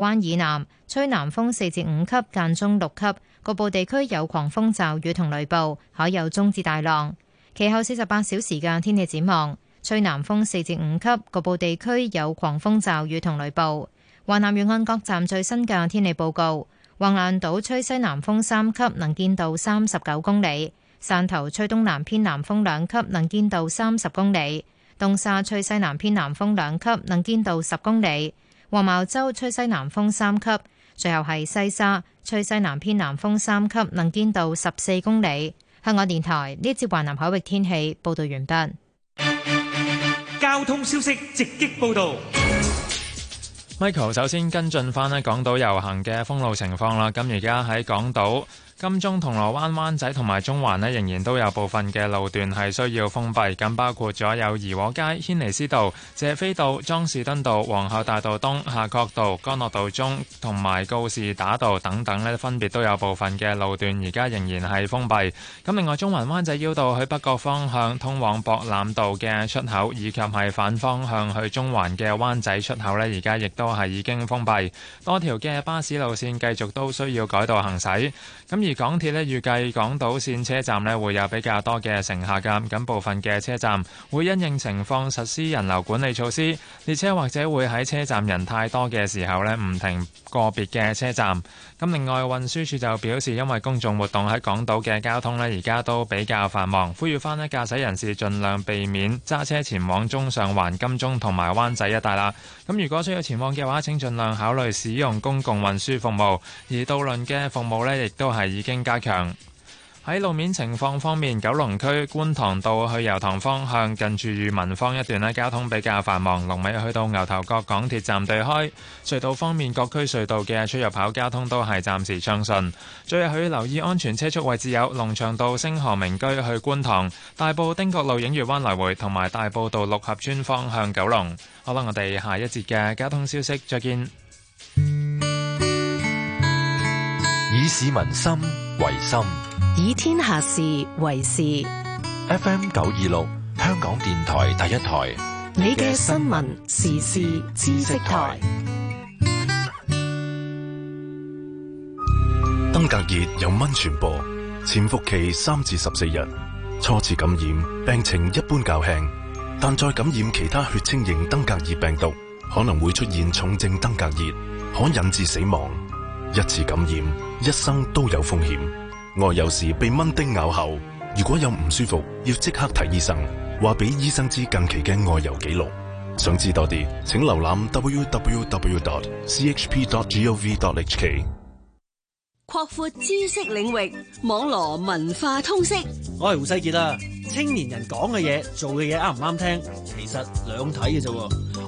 灣以南吹南風四至五級，間中六級，局部地區有狂風驟雨同雷暴，可有中至大浪。其後四十八小時嘅天氣展望：吹南風四至五級，局部地區有狂風驟雨同雷暴。華南沿岸各站最新嘅天氣報告：橫瀾島吹西南風三級，能見度三十九公里；汕頭吹東南偏南風兩級，能見度三十公里；東沙吹西南偏南風兩級，能見度十公里。黃茅洲吹西南風三級，最後係西沙吹西南偏南風三級，能見度十四公里。香港電台呢節華南海域天氣報道完畢。交通消息直擊報道。Michael 首先跟進翻港島遊行嘅封路情況啦，咁而家喺港島，金鐘、銅鑼灣、灣仔同埋中環呢，仍然都有部分嘅路段係需要封閉，咁包括咗有怡和街、軒尼詩道、謝斐道、莊士敦道、皇后大道東、夏慤道、干諾道中同埋告士打道等等呢，分別都有部分嘅路段而家仍然係封閉。咁另外，中環灣仔繞道去北角方向通往博覽道嘅出口，以及係反方向去中環嘅灣仔出口呢，而家亦都係已經封閉。多條嘅巴士路線繼續都需要改道行駛。咁而港鐵咧預計港島線車站咧會有比較多嘅乘客㗎，咁部分嘅車站會因應情況實施人流管理措施，列車或者會喺車站人太多嘅時候咧唔停個別嘅車站。咁另外運輸署就表示，因為公眾活動喺港島嘅交通咧而家都比較繁忙，呼籲翻咧駕駛人士盡量避免揸車前往中上環、金鐘同埋灣仔一帶啦。咁如果需要前往嘅話，請盡量考慮使用公共運輸服務。而渡輪嘅服務咧亦都係。係已經加強。喺路面情況方面，九龍區觀塘道去油塘方向近住裕民坊一段交通比較繁忙，龍尾去到牛頭角港鐵站對開。隧道方面，各區隧道嘅出入口交通都係暫時暢順。最後，要留意安全車速位置有龍翔道星河名居去觀塘、大埔汀角路影月灣來回同埋大埔道六合村方向九龍。好啦，我哋下一節嘅交通消息再見。市民心為心，以天下事為事。FM 九二六，香港電台第一台。你嘅新聞時事知識台。登革熱由蚊傳播，潛伏期三至十四日。初次感染病情一般較輕，但再感染其他血清型登革熱病毒，可能會出現重症登革熱，可引致死亡。一次感染。一生都有風險，外遊時被蚊叮咬後，如果有唔舒服，要即刻睇醫生。話俾醫生知近期嘅外遊記錄。想知多啲，請瀏覽 www.chp.gov.hk。擴闊知識領域，網羅文化通識。我係胡世杰啦，啊，青年人講嘅嘢、做嘅嘢啱唔啱聽？其實兩睇嘅啫，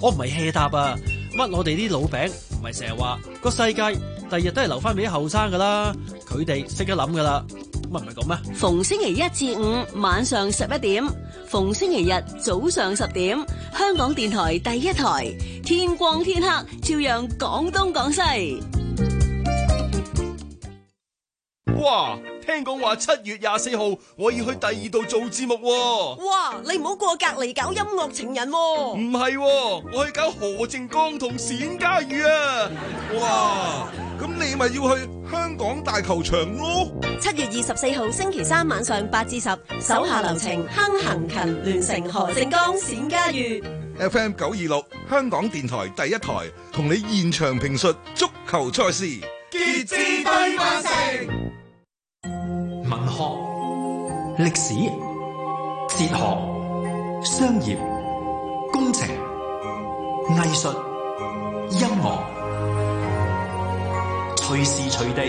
我唔係 hea 答啊，乜我哋啲老餅唔係成日話個世界。第日都係留翻俾後生噶啦，佢哋識得諗噶啦，咁啊，唔係咁咩？逢星期一至五晚上十一點，逢星期日早上十點，香港電台第一台，天光天黑照樣講東講西。哇！聽講話七月廿四號我要去第二度做節目喎。哇！你唔好過隔籬搞音樂情人喎。唔係喎，我去搞何靖剛同冼家玉啊！哇！咁你咪要去香港大球場咯！七月二十四號星期三晚上八至十，手下留情，坑行勤、聯成、何正剛，冼家裕。F M 九二六，香港電台第一台，同你現場評述足球賽事。傑志對曼城，文學、歷史、哲學、商業、工程、藝術。隨時隨地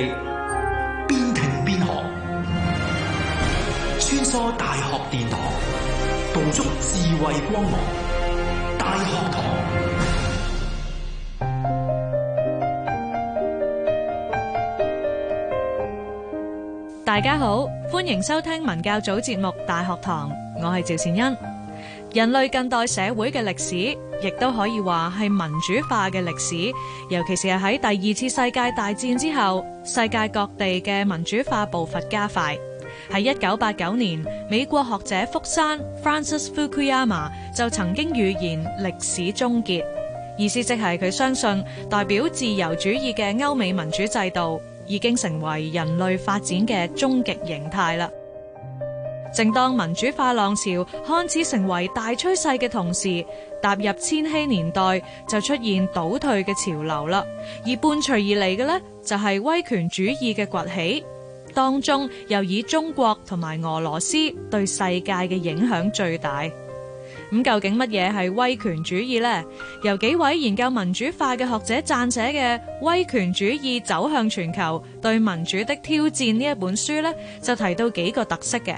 邊聽邊學，穿梭大學殿堂，捕捉智慧光芒。大學堂。大家好，歡迎收聽文教組節目《大學堂》，我係趙善恩。人類近代社會嘅歷史，亦都可以話係民主化嘅歷史，尤其是係喺第二次世界大戰之後，世界各地嘅民主化步伐加快。喺一九八九年，美國學者福山 （Francis Fukuyama） 就曾經預言歷史終結，意思即係佢相信代表自由主義嘅歐美民主制度已經成為人類發展嘅終極形態啦。正當民主化浪潮開始成為大趨勢嘅同時，踏入千禧年代就出現倒退嘅潮流啦。而伴隨而嚟嘅咧，就係威權主義嘅崛起，當中又以中國同埋俄羅斯對世界嘅影響最大。咁究竟乜嘢係威權主義咧？由幾位研究民主化嘅學者撰寫嘅《威權主義走向全球：對民主的挑戰》呢一本書咧，就提到幾個特色嘅。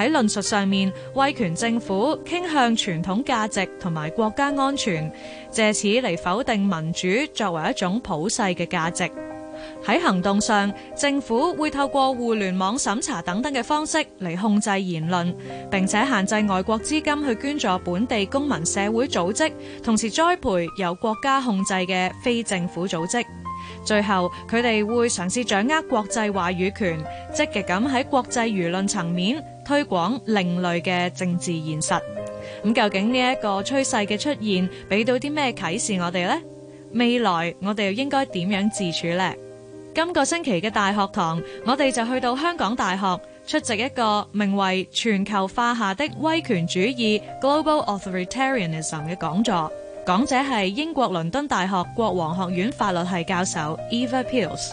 喺論述上面，威權政府傾向傳統價值同埋國家安全，借此嚟否定民主作為一種普世嘅價值。喺行動上，政府會透過互聯網審查等等嘅方式嚟控制言論，並且限制外國資金去捐助本地公民社會組織，同時栽培由國家控制嘅非政府組織。最後，佢哋會嘗試掌握國際話語權，積極咁喺國際輿論層面。推廣另類嘅政治現實，咁究竟呢一個趨勢嘅出現，俾到啲咩啟示我哋呢？未來我哋又應該點樣自處呢？今個星期嘅大學堂，我哋就去到香港大學出席一個名為《全球化下的威權主義》（Global Authoritarianism） 嘅講座，講者係英國倫敦大學國王學院法律系教授 Eva Pils。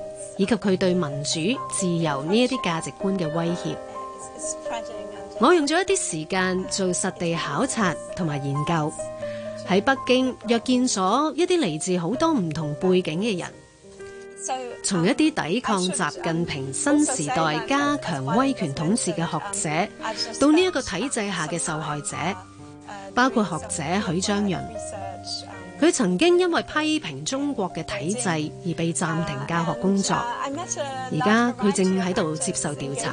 以及佢對民主、自由呢一啲價值觀嘅威脅，我用咗一啲時間做實地考察同埋研究，喺北京約見咗一啲嚟自好多唔同背景嘅人，從一啲抵抗習近平新時代加強威權統治嘅學者，到呢一個體制下嘅受害者，包括學者許章潤。佢曾經因為批評中國嘅體制而被暫停教學工作，而家佢正喺度接受調查。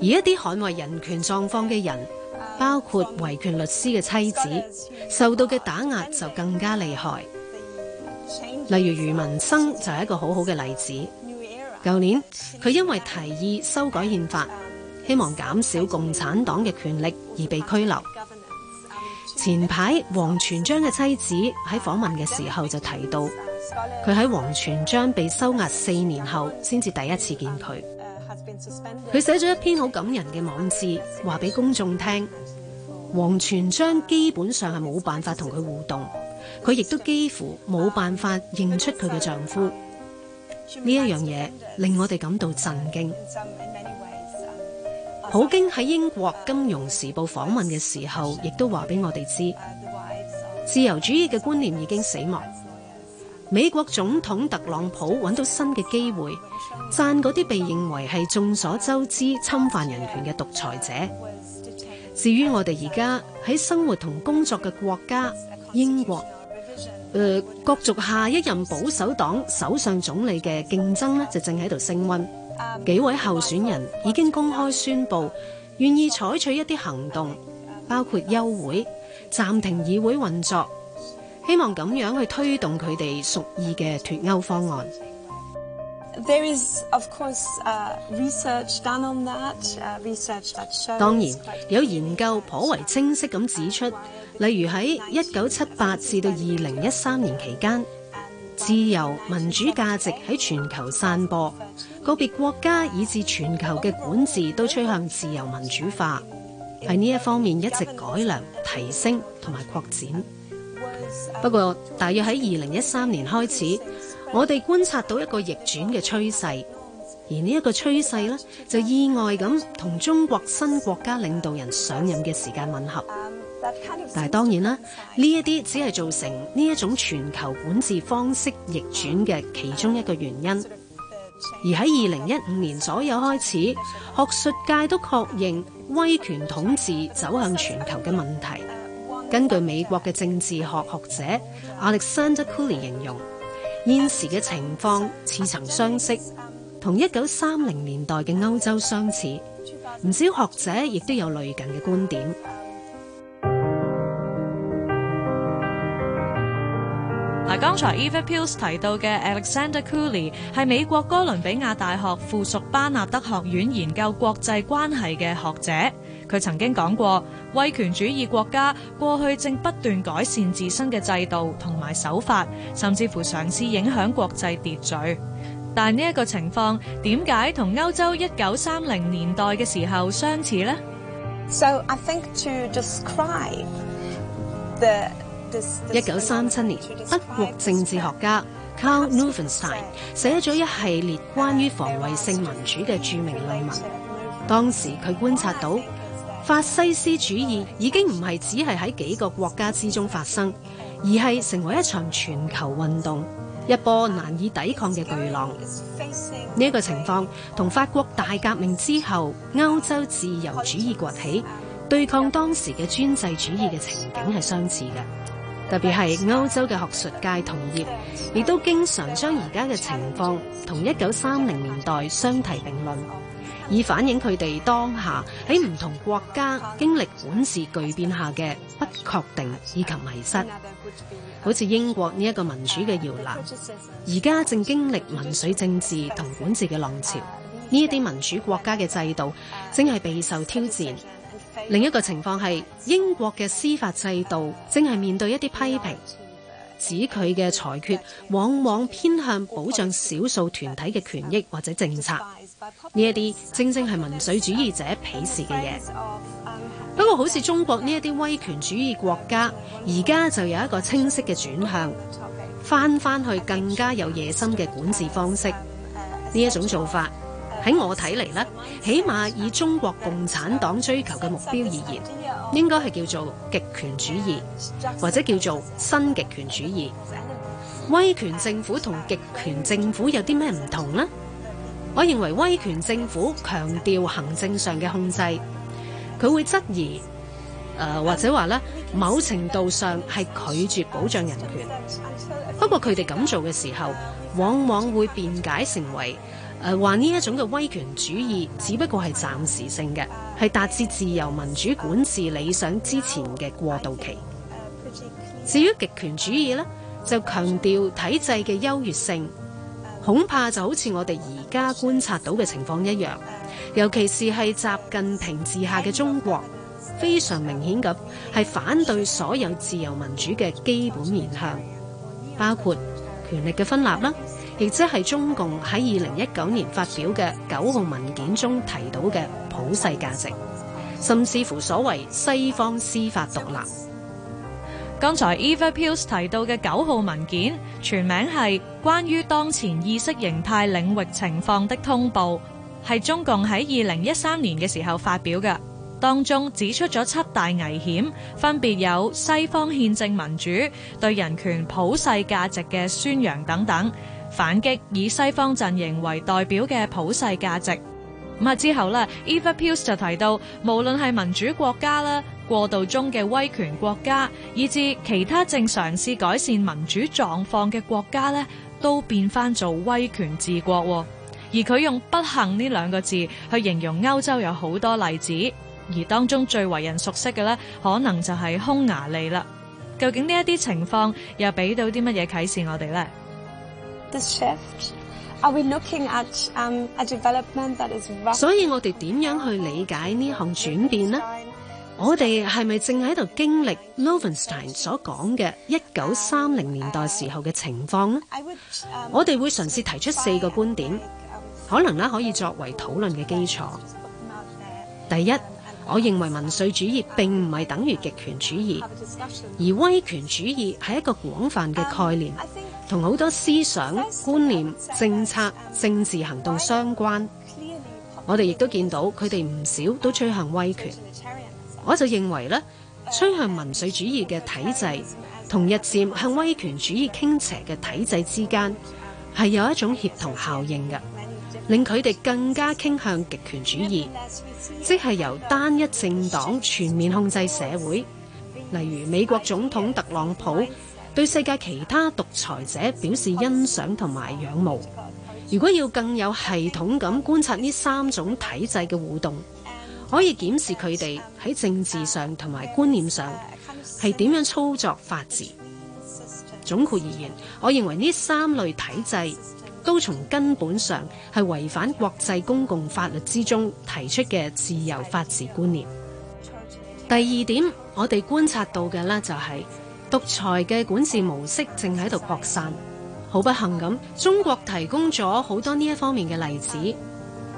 而一啲捍衛人權狀況嘅人，包括維權律師嘅妻子，受到嘅打壓就更加厲害。例如余文生就係一個好好嘅例子。舊年佢因為提議修改憲法，希望減少共產黨嘅權力，而被拘留。前排，王全璋嘅妻子喺訪問嘅時候就提到，佢喺王全璋被收押四年後，先至第一次見佢。佢寫咗一篇好感人嘅網誌，話俾公眾聽，王全璋基本上係冇辦法同佢互動，佢亦都幾乎冇辦法認出佢嘅丈夫。呢一樣嘢令我哋感到震驚。普京喺英國《金融時報》訪問嘅時候，亦都話俾我哋知，自由主義嘅觀念已經死亡。美國總統特朗普揾到新嘅機會，讚嗰啲被認為係眾所周知侵犯人權嘅獨裁者。至於我哋而家喺生活同工作嘅國家英國，誒、呃，國族下一任保守黨首相總理嘅競爭呢就正喺度升溫。幾位候選人已經公開宣布，願意採取一啲行動，包括休會、暫停議會運作，希望咁樣去推動佢哋屬意嘅脱歐方案。There is, of course, research done on that research. That 當然有研究頗為清晰咁指出，例如喺一九七八至到二零一三年期間。自由民主價值喺全球散播，個別國家以至全球嘅管治都趨向自由民主化，喺呢一方面一直改良、提升同埋擴展。不過，大約喺二零一三年開始，我哋觀察到一個逆轉嘅趨勢，而呢一個趨勢呢，就意外咁同中國新國家領導人上任嘅時間吻合。但係當然啦，呢一啲只係造成呢一種全球管治方式逆轉嘅其中一個原因。而喺二零一五年左右開始，學術界都確認威權統治走向全球嘅問題。根據美國嘅政治學學者 Alexander Cooley 形容，現時嘅情況似曾相識，同一九三零年代嘅歐洲相似，唔少學者亦都有類近嘅觀點。嗱，mm hmm. 剛才 Eva Pils 提到嘅 Alexander Cooley 係美國哥倫比亞大學附屬巴納德學院研究國際關係嘅學者，佢曾經講過，威權主義國家過去正不斷改善自身嘅制度同埋手法，甚至乎嘗試影響國際秩序。但呢一個情況點解同歐洲一九三零年代嘅時候相似呢？s o、so, I think to describe the 一九三七年，德國政治學家 Karl Loewenstein 寫咗一系列關於防衛性民主嘅著名論文。當時佢觀察到，法西斯主義已經唔係只係喺幾個國家之中發生，而係成為一場全球運動，一波難以抵抗嘅巨浪。呢個情況同法國大革命之後歐洲自由主義崛起，對抗當時嘅專制主義嘅情景係相似嘅。特別係歐洲嘅學術界同業，亦都經常將而家嘅情況同一九三零年代相提並論，以反映佢哋當下喺唔同國家經歷管治巨變下嘅不確定以及迷失。好似英國呢一個民主嘅搖籃，而家正經歷民粹政治同管治嘅浪潮，呢一啲民主國家嘅制度正係備受挑戰。另一個情況係英國嘅司法制度正係面對一啲批評，指佢嘅裁決往往偏向保障少數團體嘅權益或者政策，呢一啲正正係民粹主義者鄙視嘅嘢。不過好似中國呢一啲威權主義國家，而家就有一個清晰嘅轉向，返返去更加有野心嘅管治方式。呢一種做法。喺我睇嚟咧，起碼以中國共產黨追求嘅目標而言，應該，係叫做極權主義或者叫做新極權主義。威權政府同極權政府有啲咩唔同咧？我認為威權政府強調行政上嘅控制，佢會質疑，呃，或者話咧，某程度上係拒絕保障人權，不過，佢哋咁做嘅時候，往往會辯解成為。誒，話呢一種嘅威權主義，只不過係暫時性嘅，係達至自由民主管治理想之前嘅過渡期。至於極權主義呢，就強調體制嘅優越性，恐怕就好似我哋而家觀察到嘅情況一樣，尤其是係習近平治下嘅中國，非常明顯咁係反對所有自由民主嘅基本面向，包括權力嘅分立啦。亦即係中共喺二零一九年發表嘅九號文件中提到嘅普世價值，甚至乎所謂西方司法獨立。剛才 Eva Pils 提到嘅九號文件全名係《關於當前意識形態領域情況的通報》，係中共喺二零一三年嘅時候發表嘅。當中指出咗七大危險，分別有西方憲政民主對人權普世價值嘅宣揚等等。反擊以西方陣營為代表嘅普世價值。咁啊之後呢 Eva Pils 就提到，無論係民主國家啦、過渡中嘅威權國家，以至其他正嘗試改善民主狀況嘅國家呢都變翻做威權治國。而佢用不幸呢兩個字去形容歐洲有好多例子，而當中最為人熟悉嘅呢，可能就係匈牙利啦。究竟呢一啲情況又俾到啲乜嘢啟示我哋呢？所以我哋點樣去理解呢項轉變呢？變呢我哋係咪正喺度經歷 Loewenstein 所講嘅一九三零年代時候嘅情況呢？Um, uh, I would, um, 我哋會嘗試提出四個觀點，可能咧可以作為討論嘅基礎。第一，我認為民粹主義並唔係等於極權主義，而威權主義係一個廣泛嘅概念。Um, 同好多思想、觀念、政策、政治行動相關，我哋亦都見到佢哋唔少都趨向威權。我就認為咧，趨向民粹主義嘅體制同日漸向威權主義傾斜嘅體制之間，係有一種協同效應嘅，令佢哋更加傾向極權主義，即係由單一政黨全面控制社會，例如美國總統特朗普。對世界其他獨裁者表示欣賞同埋仰慕。如果要更有系統咁觀察呢三種體制嘅互動，可以檢視佢哋喺政治上同埋觀念上係點樣操作法治。總括而言，我認為呢三類體制都從根本上係違反國際公共法律之中提出嘅自由法治觀念。第二點，我哋觀察到嘅咧就係、是。獨裁嘅管治模式正喺度擴散，好不幸咁，中國提供咗好多呢一方面嘅例子，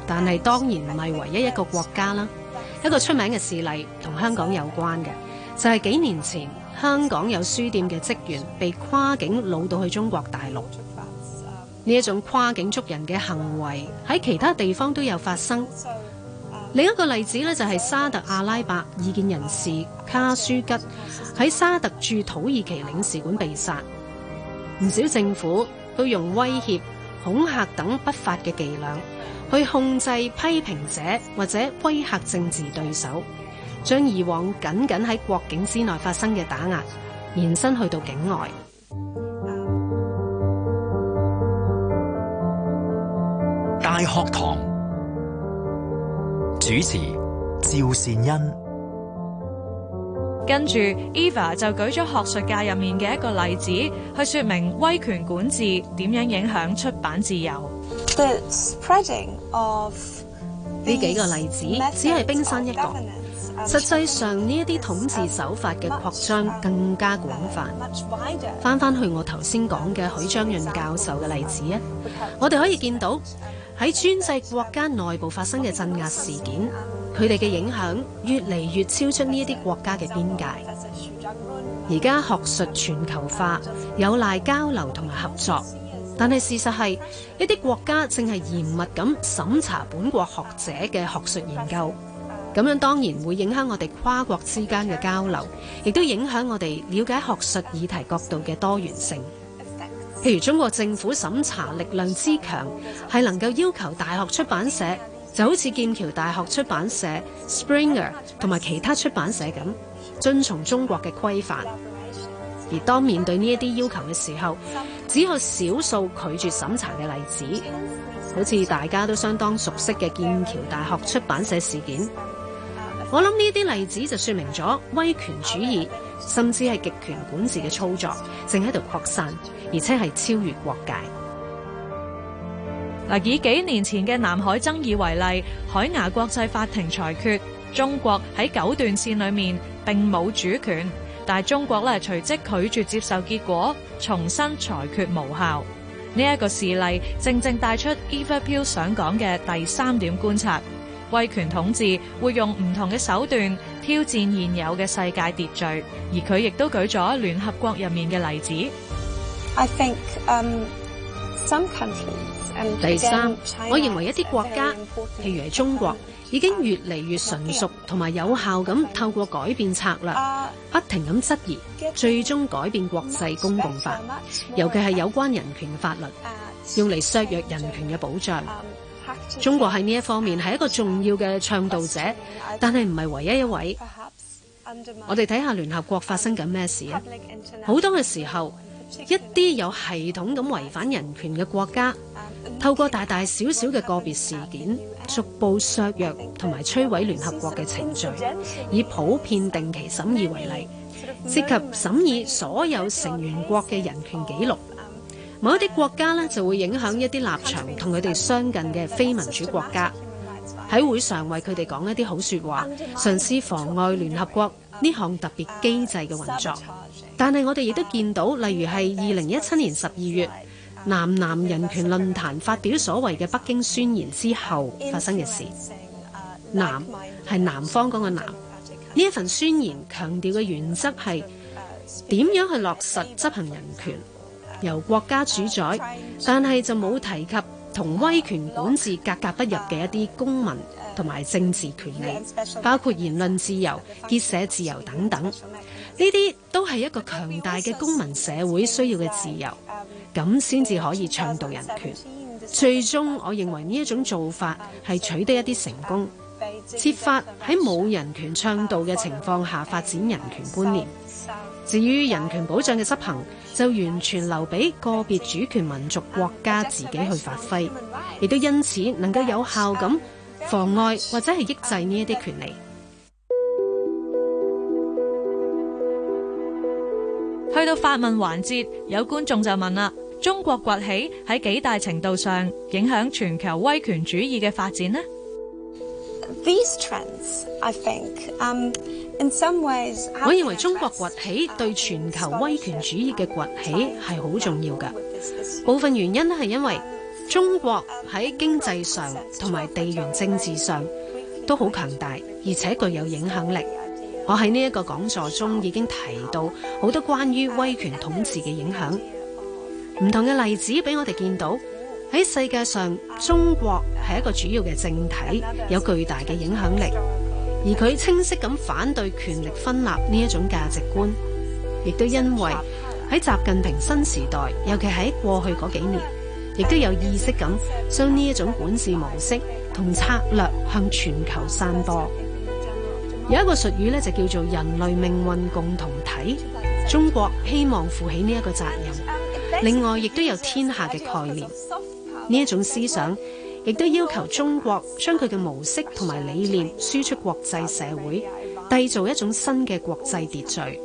但係當然唔係唯一一個國家啦。一個出名嘅事例同香港有關嘅，就係、是、幾年前香港有書店嘅職員被跨境擄到去中國大陸。呢一種跨境捉人嘅行為喺其他地方都有發生。另一個例子呢就係沙特阿拉伯異見人士卡舒吉喺沙特駐土耳其領事館被殺。唔少政府都用威脅、恐嚇等不法嘅伎倆，去控制批評者或者威嚇政治對手，將以往僅僅喺國境之內發生嘅打壓，延伸去到境外。大學堂。主持趙善恩，跟住 Eva 就舉咗學術界入面嘅一個例子，去說明威權管治點樣影響出版自由。The spreading of 呢幾個例子只係冰山一角，實際上呢一啲統治手法嘅擴張更加廣泛。返返去我頭先講嘅許章潤教授嘅例子啊，我哋可以見到。喺專制國家內部發生嘅鎮壓事件，佢哋嘅影響越嚟越超出呢一啲國家嘅邊界。而家學術全球化有賴交流同埋合作，但係事實係一啲國家淨係嚴密咁審查本國學者嘅學術研究，咁樣當然會影響我哋跨國之間嘅交流，亦都影響我哋了解學術議題角度嘅多元性。譬如中國政府審查力量之強，係能夠要求大學出版社就好似劍橋大學出版社、Springer 同埋其他出版社咁遵從中國嘅規範。而當面對呢一啲要求嘅時候，只有少數拒絕審查嘅例子，好似大家都相當熟悉嘅劍橋大學出版社事件。我諗呢啲例子就説明咗威權主義，甚至係極權管治嘅操作正喺度擴散。而且係超越國界嗱，以幾年前嘅南海爭議為例，海牙國際法庭裁決中國喺九段線裏面並冇主權，但係中國咧隨即拒絕接受結果，重新裁決無效。呢一個事例正正帶出 Eva Piu 想講嘅第三點觀察：威權統治會用唔同嘅手段挑戰現有嘅世界秩序。而佢亦都舉咗聯合國入面嘅例子。I think, um, some countries, um, 第三，我認為一啲國家，譬如中國，已經越嚟越純熟同埋有效咁，透過改變策略，不停咁質疑，最終改變國際公共法，尤其係有關人權嘅法律，用嚟削弱人權嘅保障。中國喺呢一方面係一個重要嘅倡導者，但係唔係唯一一位。我哋睇下聯合國發生緊咩事啊！好多嘅時候。一啲有系統咁違反人權嘅國家，透過大大小小嘅個別事件，逐步削弱同埋摧毀聯合國嘅程序。以普遍定期審議為例，涉及審議所有成員國嘅人權記錄。某一啲國家呢，就會影響一啲立場同佢哋相近嘅非民主國家，喺會上為佢哋講一啲好說話，嘗試妨礙聯合國呢項特別機制嘅運作。但係我哋亦都見到，例如係二零一七年十二月南南人權論壇發表所謂嘅北京宣言之後發生嘅事。南係南方嗰個南，呢一份宣言強調嘅原則係點樣去落實執行人權，由國家主宰，但係就冇提及同威權管治格格不入嘅一啲公民同埋政治權利，包括言論自由、結社自由等等。呢啲都係一個強大嘅公民社會需要嘅自由，咁先至可以倡導人權。最終，我認為呢一種做法係取得一啲成功，設法喺冇人權倡導嘅情況下發展人權觀念。至於人權保障嘅執行，就完全留俾個別主權民族國家自己去發揮，亦都因此能夠有效咁妨礙或者係抑制呢一啲權利。去到發問環節，有觀眾就問啦：中國崛起喺幾大程度上影響全球威權主義嘅發展呢？These trends, I think, in some ways，我認為中國崛起對全球威權主義嘅崛起係好重要嘅。部分原因咧係因為中國喺經濟上同埋地緣政治上都好強大，而且具有影響力。我喺呢一個講座中已經提到好多關於威權統治嘅影響，唔同嘅例子俾我哋見到喺世界上，中國係一個主要嘅政體，有巨大嘅影響力，而佢清晰咁反對權力分立呢一種價值觀，亦都因為喺習近平新時代，尤其喺過去嗰幾年，亦都有意識咁將呢一種管治模式同策略向全球散播。有一個術語咧，就叫做人類命運共同體。中國希望負起呢一個責任。另外，亦都有天下嘅概念。呢一種思想，亦都要求中國將佢嘅模式同埋理念輸出國際社會，締造一種新嘅國際秩序。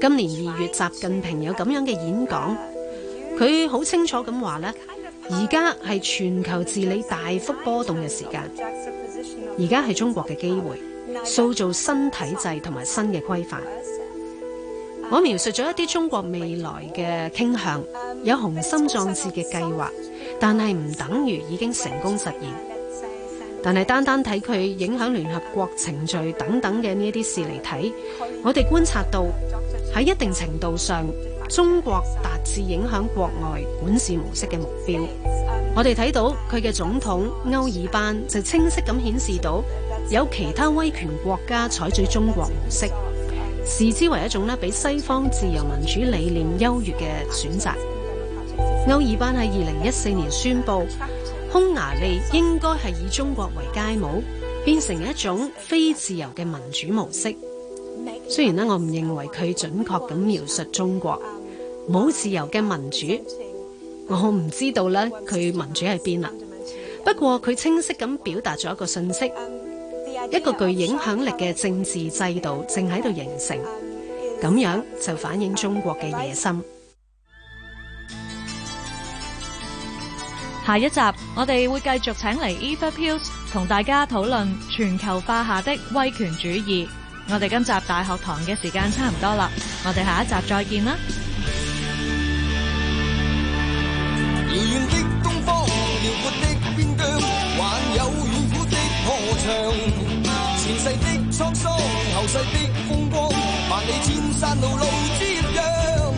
今年二月，習近平有咁樣嘅演講，佢好清楚咁話咧：而家係全球治理大幅波動嘅時間，而家係中國嘅機會。塑造新體制同埋新嘅規範。我描述咗一啲中國未來嘅傾向，有雄心壯志嘅計劃，但係唔等於已經成功實現。但係單單睇佢影響聯合國程序等等嘅呢啲事嚟睇，我哋觀察到喺一定程度上，中國達致影響國外管事模式嘅目標。我哋睇到佢嘅總統歐爾班就清晰咁顯示到。有其他威權國家採取中國模式，視之為一種比西方自由民主理念優越嘅選擇。歐爾班喺二零一四年宣佈，匈牙利應該係以中國為楷模，變成一種非自由嘅民主模式。雖然我唔認為佢準確咁描述中國冇自由嘅民主，我唔知道咧佢民主喺邊啦。不過佢清晰咁表達咗一個信息。一個具影響力嘅政治制度正喺度形成，咁樣就反映中國嘅野心。下一集我哋會繼續請嚟 Eva Pils 同大家討論全球化下的威權主義。我哋今集大學堂嘅時間差唔多啦，我哋下一集再見啦。世的風光，萬里千山路路接洋，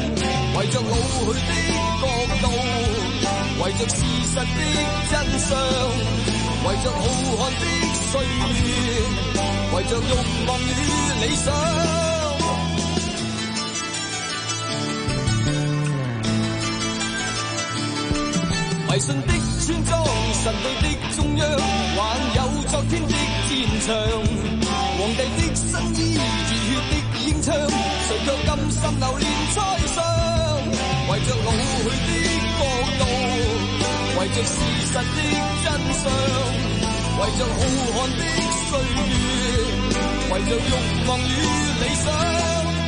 圍着老去的角度，圍着事實的真相，圍着浩瀚的歲月，圍着慾望與理想。迷信的村莊，神秘的中央，還有昨天的戰場。皇帝的新衣，熱血的演唱，誰卻甘心留戀在上？為着老去的國度，為着事實的真相，為着浩瀚的歲月，為着慾望與理想，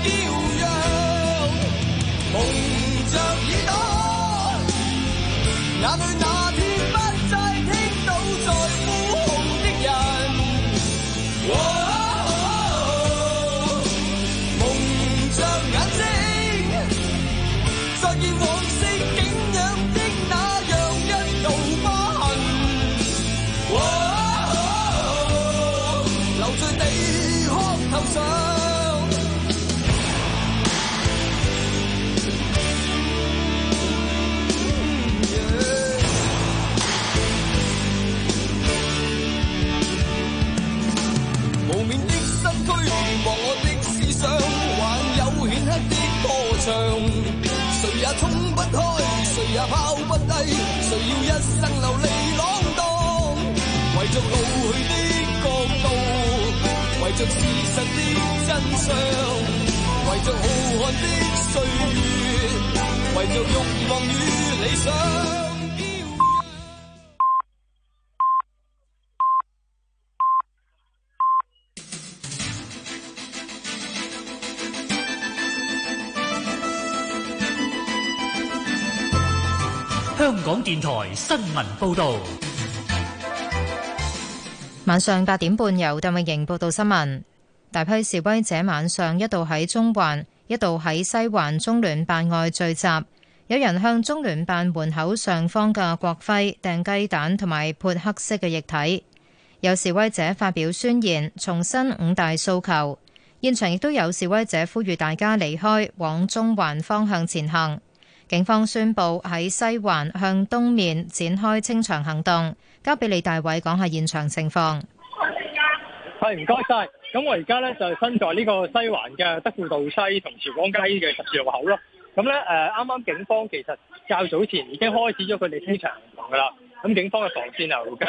驕陽蒙着耳朵，哪裏哪天？要一生流離浪蕩，為着老去的角度，為着事實的真相，為着浩瀚的歲月，為着欲望與理想。台新聞報導，晚上八點半由鄧永盈報道新聞。大批示威者晚上一度喺中環，一度喺西環中聯辦外聚集，有人向中聯辦門口上方嘅國徽掟雞蛋同埋潑黑色嘅液體。有示威者發表宣言，重申五大訴求。現場亦都有示威者呼籲大家離開，往中環方向前行。警方宣布喺西環向東面展開清場行動，交俾李大偉講下現場情況。係唔該晒。咁我而家咧就身在呢個西環嘅德輔道西同朝光街嘅十字路口咯。咁咧誒，啱啱警方其實較早前已經開始咗佢哋清場行動噶啦。咁警方嘅防線流嘅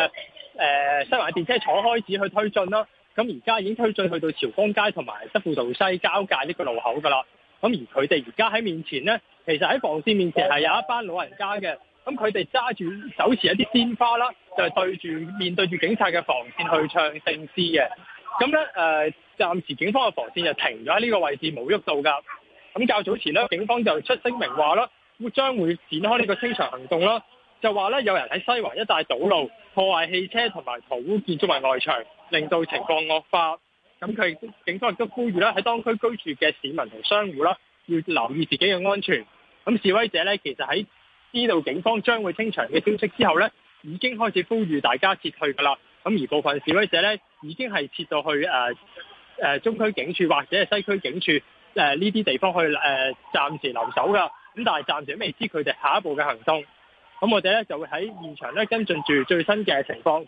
誒西環電車廠開始去推進咯。咁而家已經推進去到朝光街同埋德輔道西交界呢個路口噶啦。咁而佢哋而家喺面前呢。其實喺防線面前係有一班老人家嘅，咁佢哋揸住手持一啲鮮花啦，就係對住面對住警察嘅防線去唱聖詩嘅。咁咧誒，暫時警方嘅防線就停咗喺呢個位置，冇喐到㗎。咁較早前咧，警方就出聲明話啦，會將會展開呢個清場行動啦，就話咧有人喺西環一帶堵路、破壞汽車同埋塗污建築物外牆，令到情況惡化。咁佢警方亦都呼籲啦，喺當區居住嘅市民同商戶啦，要留意自己嘅安全。咁示威者咧，其實喺知道警方將會清場嘅消息之後咧，已經開始呼籲大家撤退噶啦。咁而部分示威者咧，已經係撤到去、呃呃、中區警署或者係西區警署、呃、呢啲地方去、呃、暫時留守噶。咁但係暫時未知佢哋下一步嘅行動。咁我哋咧就會喺現場咧跟進住最新嘅情況。